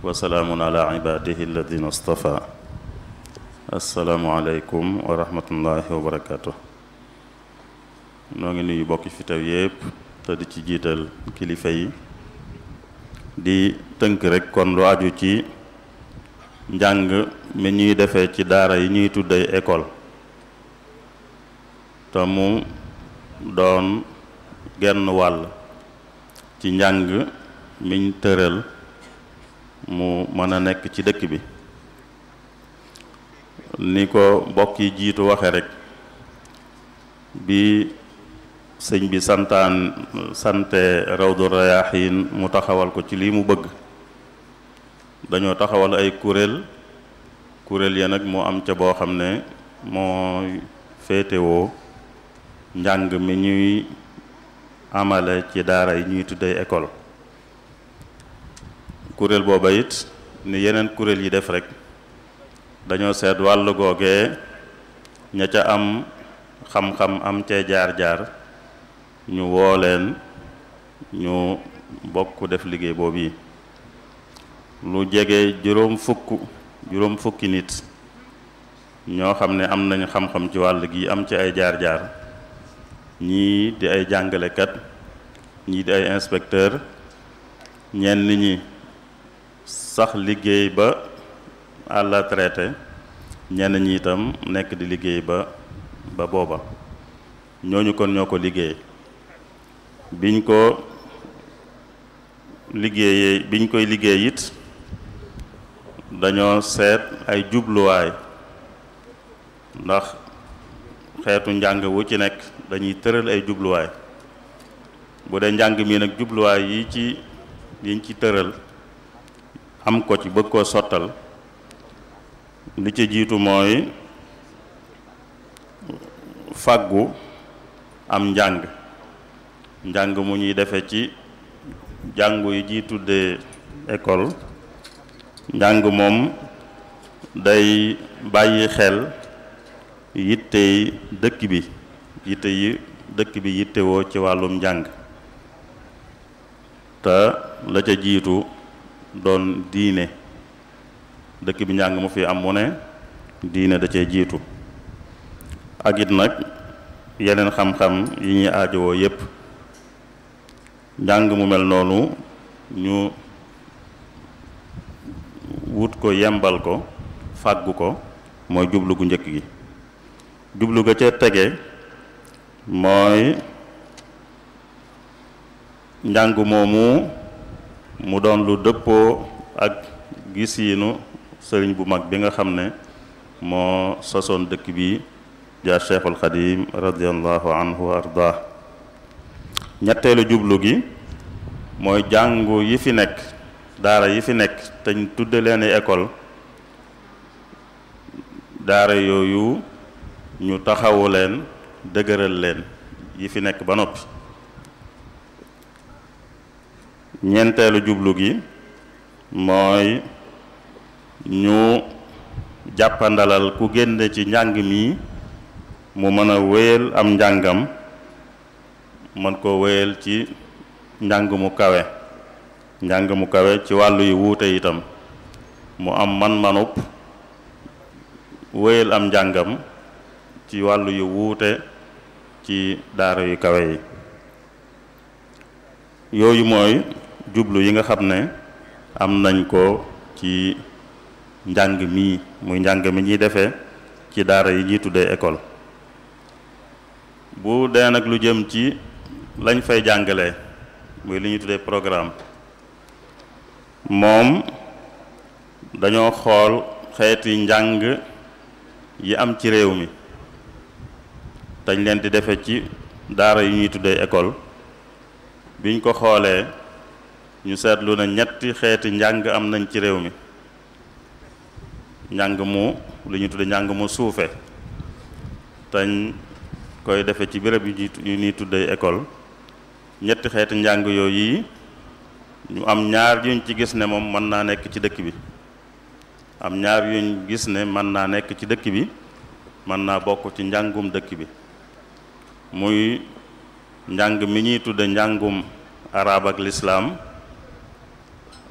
wa salaamun ala ibadihi alladina astafa asalaamu aleykum wa rahmatullahi wa noo ngi nuyu bokki fi teew yépp te di ci jiital kilifa yi di tënk rekk kon lu aju ci njàng mi ñuy defee ci daara yi ñuy tuddee école te mu doon genn wàll ci njàng miñ tëral mu mën a nekk ci dëkk bi ni ko mbokk yi jiitu waxe rek bi sëñ bi santaan sante rawdu rayaxiin mu taxawal ko ci lii mu bëgg dañoo taxawal ay kuréel kuréel ya nag moo am ca boo xam ne mooy féetewoo njàng mi ñuy amale ci daara yi ñuy tuddee école kuréel booba it ni yeneen kuréel yi def rek dañoo seet wàll googee ña ca am xam-xam am ca jaar-jaar ñu woo leen ñu bokk def liggéey boobu yi lu jege juróom fukk juróom fukki nit ñoo xam ne am nañu xam-xam ci wàll gi am ci ay jaar-jaar ñii di ay jàngalekat ñii di ay inspecteur ñenn ñi sax liggéey ba à la traité ñenn itam nekk di liggéey ba ba booba ñooñu kon ñoo ko liggéey biñ ko liggéeyee biñ koy liggéeyit dañoo seet ay jubluwaay ndax xeetu njàng wu ci nekk dañuy tëral ay jubluwaay bu dee njàng mi nag jubluwaay yi ci yiñ ci tëral am ko ci bëgg ko sottal li ci jiitu mooy fàggu am njàng njàng mu ñuy defe ci jàngu yi ji tuddee école njàng moom day bàyyi xel yitte yi dëkk bi yitte yi ci wàllum njàng te la ca jiitu doon diine dëkk bi njàng mu fi am mu diine da cee jiitu ak nag yeneen xam-xam yi ñuy aajowoo yépp njàng mu mel noonu ñu wut ko yembal ko fàggu ko mooy jublu gu njëkk gi jublu ga ca tege mooy njàng moomu mu doon lu dëppoo ak gisiinu sëriñ bu mag bi nga xam ne moo sosoon dëkk bi jaar Cheikhul Xadim radiallahu anhu ñetteelu jublu gi mooy jàngu yi fi nekk daara yi fi nekk te ñu tudde leen école daara yooyu ñu taxawu leen dëgëral leen yi fi nekk ba noppi ñenteelu jublu gi mooy ñu jàppandalal ku génne ci njàng mi mu mën a wéyal am njàngam mën koo wéyal ci njàng mu kawe njàng mu kawe ci wàllu yu wuute itam mu am man-manub wéyal am njàngam ci wàllu yu wuute ci daara yu kawe yi yooyu mooy jublu yi nga xam ne am nañ ko ci njàng mii muy njàng mi ñuy defee ci daara yi ñuy tuddee école bu dee nag lu jëm ci lañ fay jàngalee muy li ñuy tuddee programme moom dañoo xool xeeti njàng yi am ci réew mi dañ leen di defe ci daara yi ñuy tuddee école biñ ko xoolee ñu seetlu na ñetti xeeti njàng am nañ ci réew mi njàng mu lu ñu tudde njàng mu suufe tañ koy defe ci béréb yu ñuy tuddee école ñetti xeeti njàng yooyu yi ñu am ñaar yuñ ci gis ne moom mën naa nekk ci dëkk bi am ñaar yuñ gis ne mën naa nekk ci dëkk bi mën naa bokk ci njàngum dëkk bi muy njàng mi ñuy tudd njàngum araab ak lislaam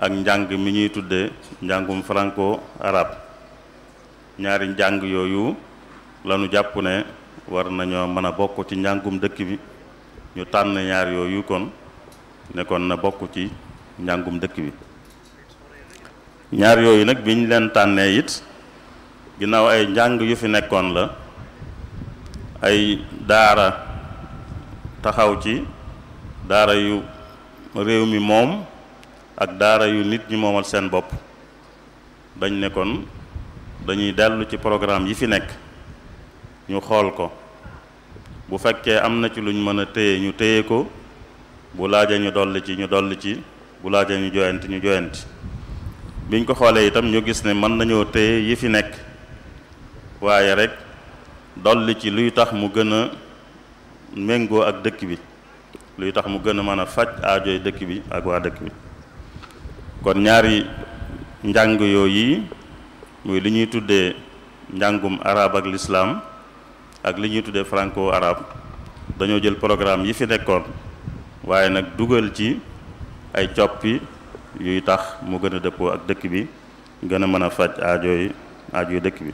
ak njàng mi ñuy tuddee njàngum franco arabe ñaari njàng yooyu lañu jàpp ne war nañoo mën a bokk ci njàngum dëkk bi ñu tànn ñaar yooyu kon ne na bokk ci njàngum dëkk bi ñaar yooyu nag bi ñu leen tànnee it ginnaaw ay njàng yu fi nekkoon la ay daara taxaw ci daara yu réew mi moom ak daara yu nit ñi moomal seen bopp dañ nekkoon dañuy dellu ci programme yi fi nekk ñu xool ko bu fekkee am na ci luñ mën a téye ñu téye ko bu laaja ñu dolli ci ñu dolli ci bu laaja ñu joyant ñu joyant biñ ko xoolee itam ñu gis ne mën nañoo téye yi fi nekk waaye rek dolli ci luy tax mu gën a méngoo ak dëkk bi luy tax mu gën a mën a faj aajooy dëkk bi ak waa dëkk bi kon ñaari njàng yooyu muy li ñuy tuddee njàngum arab ak lislaam ak li ñuy tuddee franco arabe dañoo jël programme yi fi nekkoon waaye nag dugal ci ay coppi yuy tax mu gën a dëppoo ak dëkk bi gën a mën a faj aajooy aajooy dëkk bi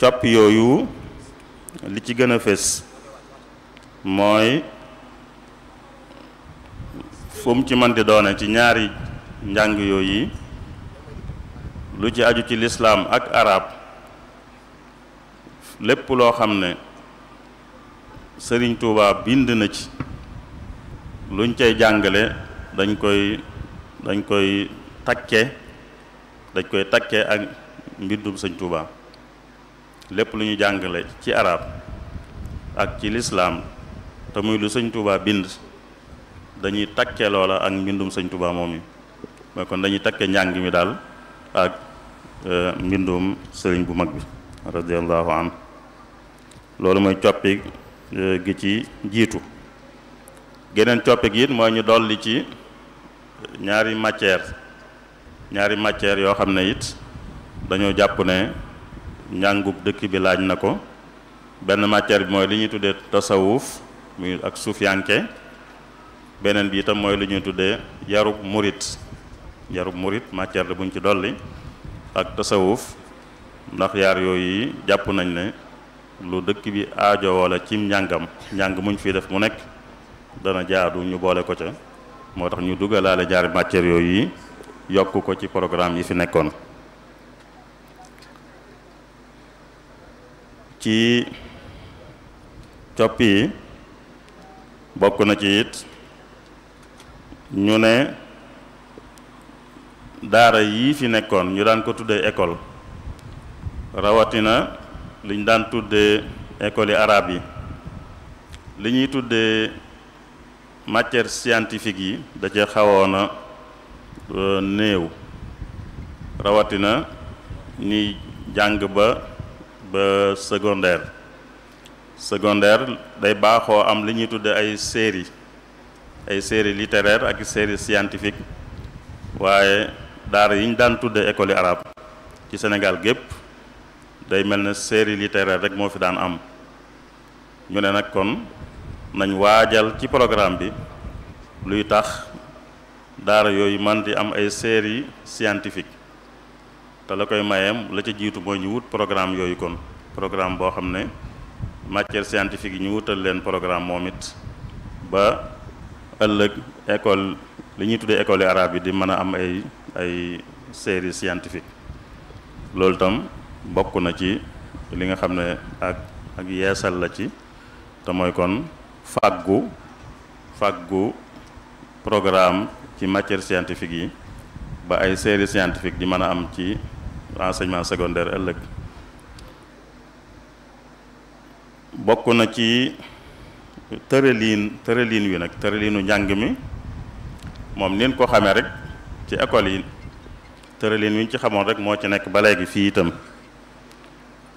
coppi yooyu li ci gën a fés mooy fu ci mën di doone ci ñaari njàng yooyu lu ci aju ci lislaam ak araab lépp loo xam ne sëriñ Tuubaa bind na ci luñ cay jàngale dañ koy dañ koy takke dañ koy takke ak mbindum sëñ Tuubaa lépp lu ñu jàngale ci arab ak ci lislaam te muy lu sëñ Tuubaa bind dañuy takke loola ak mbindum sëñ Touba moom mi mooy kon dañuy takke njàng mi daal ak euh, mbindum sëriñ bu mag bi radiallahu an loolu mooy coppi euh, gi ci njiitu geneen coppi gi it mooy ñu dolli ci ñaari matière ñaari matière yoo xam ne it dañoo jàpp ne njàngub dëkk bi laaj na ko benn matière bi mooy li ñuy tuddee tasawuf ak suufiyanke beneen bi itam mooy lu ñuy tuddee yarub murit yarub murit matière la bu ñu ci dolli ak tasawuf ndax yaar yooyu jàpp nañ ne lu dëkk bi aajo wala ci njàngam njàng muñ fi def mu nekk dana jaadu ñu boole ko ca moo tax ñu laale jaar matière yooyu yi yokk ko ci programme yi fi nekkoon ci coppi yi bokk na ci it ñu ne daara yii fi nekkoon ñu daan ko tuddee école rawatina liñ daan tuddee école yi arabe yi li ñuy tuddee matière scientifique yi da cee xawoon a euh, néew rawatina ñuy jàng ba ba secondaire secondaire day baaxoo am li ñuy tuddee ay série ay série littéraire ak séeri scientifique waaye daar yi ñu daan tudde école yi arabe ci Sénégal gépp day mel ne séeri littéraire rek moo fi daan am ñu ne nag kon nañ waajal ci programme bi luy tax daar yooyu man di am ay série scientifique te la koy mayeem la ca jiitu mooy ñu wut programme yooyu kon programme boo xam ne matière scientifique yi ñu wutal leen programme moom it ba ëllëg école li ñuy tuddee école arabe yi di mën a am ay ay série scientifique loolu tam bokk na ci li nga xam ne ak ak yeesal la ci te mooy kon fàggu fàggu programme ci matière scientifique yi ba ay série scientifique di mën a am ci enseignement secondaire ëllëg bokk na ci tërëliin tërëliin wi nag tërëliinu njàng mi moom nin ko xamee rek ci école yi tërëliin wi ñu ci xamoon rek moo ci nekk ba léegi fii itam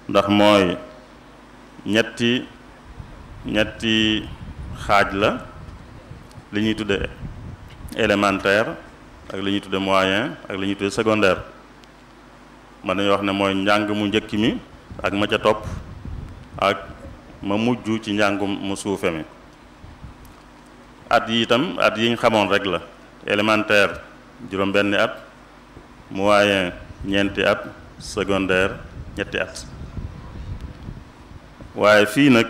ndax mooy ñetti ñetti xaaj la li ñuy tudde élémentaire ak li ñuy tudde moyen ak li ñuy tudde secondaire mën nañu wax ne mooy njàng mu njëkk mi ak ma ca topp ak ma mujj ci njàngum mu suufe mi at yi itam at yiñ xamoon rekk la élémentaire juróom-benni at waaye ñeenti at secondaire ñetti at waaye fii nag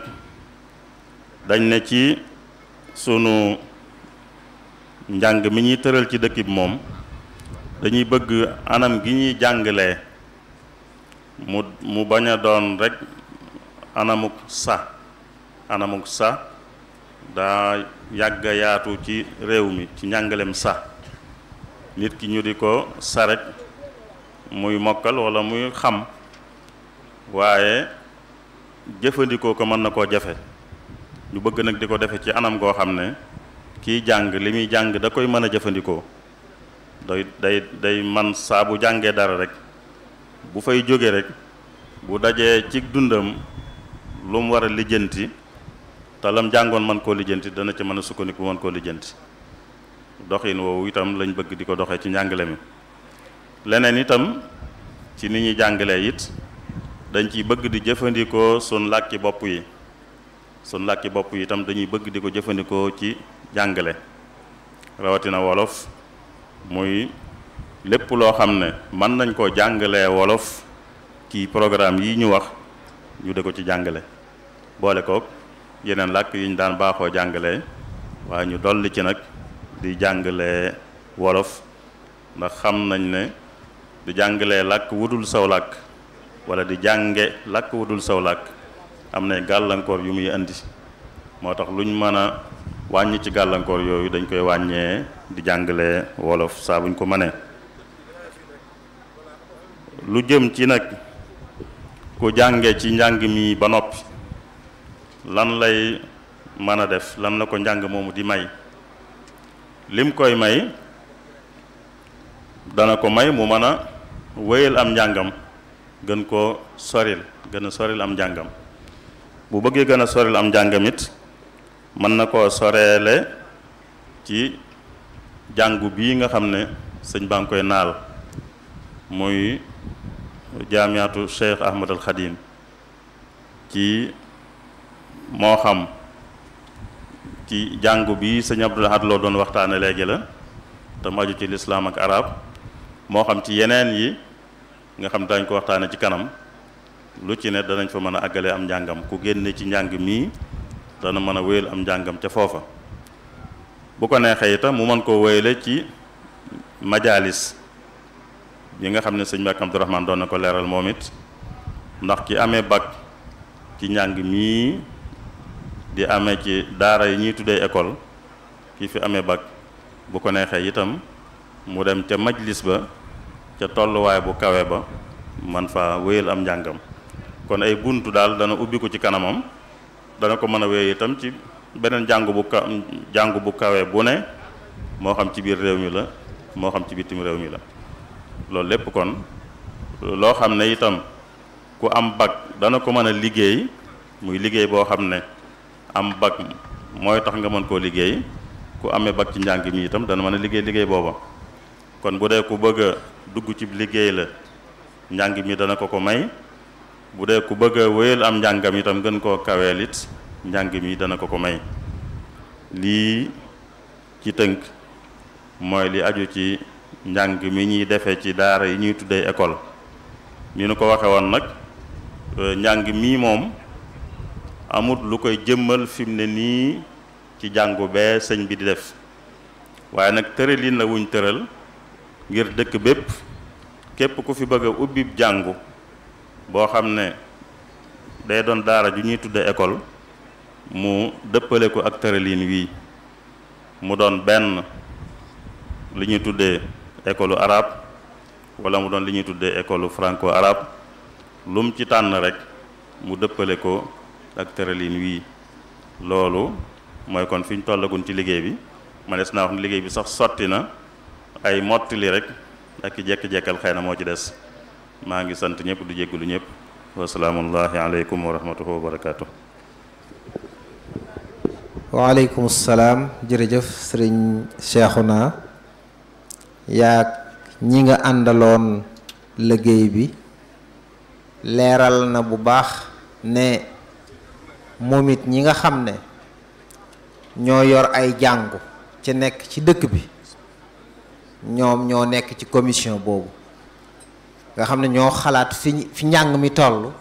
dañ ne ci sunu njàng mi ñuy tëral ci dëkk bi moom dañuy bëgg anam gi ñuy jàngalee mu mu bañ a doon rekk anamuk sa anamuk sa daa yàgg yaatu ci réew mi ci njàngalem sa nit ki ñu di ko sa rek muy mokkal walla muy xam waaye jëfandikoo ko mën na koo jafe ñu bëgg nag di ko defe ci anam goo xam ne kiy jàng li muy jàng da koy mën a jëfandikoo day day day man saa bu jàngee dara rek bu fay jóge rek bu dajee ci dundam lu mu war a lijjanti te lam jàngoon man koo lijjanti dana ci mën a sukkandiku mën koo lijjanti doxin woowu itam lañ bëgg di ko doxe ci njàngale mi leneen itam ci ni ñuy jàngalee it dañ ciy bëgg di jëfandikoo sun làkki bopp yi sun làkki bopp yi itam dañuy bëgg di ko jëfandikoo ci jàngale rawatina wolof muy lépp loo xam ne mën nañ koo jàngalee wolof ci programme yi ñu wax ñu de ko ci jàngale boole koog yeneen làkk yu ñu daan baaxoo jàngale waa ñu dolli ci nag di jàngale wolof ndax xam nañ ne di jàngale làkk wutul saw làkk wala di jànge làkk wutul saw làkk am na gàllankoor yu muy indi moo tax luñ mën a wàññi ci gàllankoor yooyu dañ koy wàññee di jàngale wolof saa buñ ko mënee lu jëm ci nag ku jànge ci njàng mi ba noppi lan lay mën a def lan la ko njàng moomu di may lim koy may dana ko may mu mën a wéyal am njàngam gën koo soril gën a soril am njàngam bu bëggee gën a soril am njàngam it mën na koo soreele ci jàngu bii nga xam ne sëñ baa ngi koy naal muy jaamiyaatu Cheikh Ahmad al ci moo xam ci jàngu bi sëñ Abdou Lahad loo doon waxtaane léegi la te mu aju ci lislaam ak arab moo xam ci yeneen yi nga xam dañ ko waxtaane ci kanam lu ci ne danañ fa mën a àggale am njàngam ku génne ci njàng mii dana mën a wéyal am njàngam ca foofa bu ko neexee itam mu mën koo wéyale ci majalis yi nga xam ne sëñ Mbàkke Abdurahmaan doon na ko leeral moom it ndax ki amee bac ci njàng mii di amee ci daara yi ñuy tuddee école ki fi amee bag bu ko neexee itam mu dem ca majlis ba ca tolluwaay bu kawe ba man fa wéyal am njàngam kon ay buntu daal dana ubbi ko ci kanamam dana ko mën a wéy itam ci beneen jàngu bu ka bu kawe bu ne moo xam ci biir réew mi la moo xam ci bitim réew mi la loolu lépp kon loo xam ne itam ku am bac dana ko mën a liggéey muy liggéey boo xam ne am bag mooy tax nga mën koo liggéey ku amee bag ci njàng mi itam dana mën a liggéey liggéey booba kon bu dee ku bëgg dugg cib liggéey la njàng mi dana ko ko may bu dee ku bëgg a am njàngam itam gën koo kaweel it njàng mi dana ko ko may lii ci tënk mooy li aju ci njàng mi ñuy defee ci daara yi ñuy tuddee école ni nu ko waxe woon nag euh, njàng mii moom amut lu koy jëmmal fim ne nii ci jàngu bee sëñ bi di def waaye nag tëralin la wuñ tëral ngir dëkk bépp képp ku fi bëgg ubbi jàngu boo xam ne day doon daara ju ñuy tuddee école mu dëppale ko ak tëralin wii mu doon benn li ñuy tuddee école arab wala mu doon li ñuy tuddee école franco arab lum ci tànn rek mu dëppale ko ak tëralin wii loolu mooy kon fi ñu tollagun ci liggéey bi manees naa wax ne liggéey bi sax sotti na ay mottali rek ak i jekki-jekkal xëy na moo ci des maa ngi sant ñëpp du jéggulu ñëpp wasalaamullahi aleykum wa rahmatuhu wa barakaatu waaleykum salaam jërëjëf sëriñ Cheikhouna yaag ñi nga àndaloon liggéey bi leeral na bu baax ne moom it ñi nga xam ne ñoo yor ay jàngu ci nekk ci dëkk bi ñoom ñoo nekk ci commission boobu nga xam ne ñoo xalaat fi fi njàng mi toll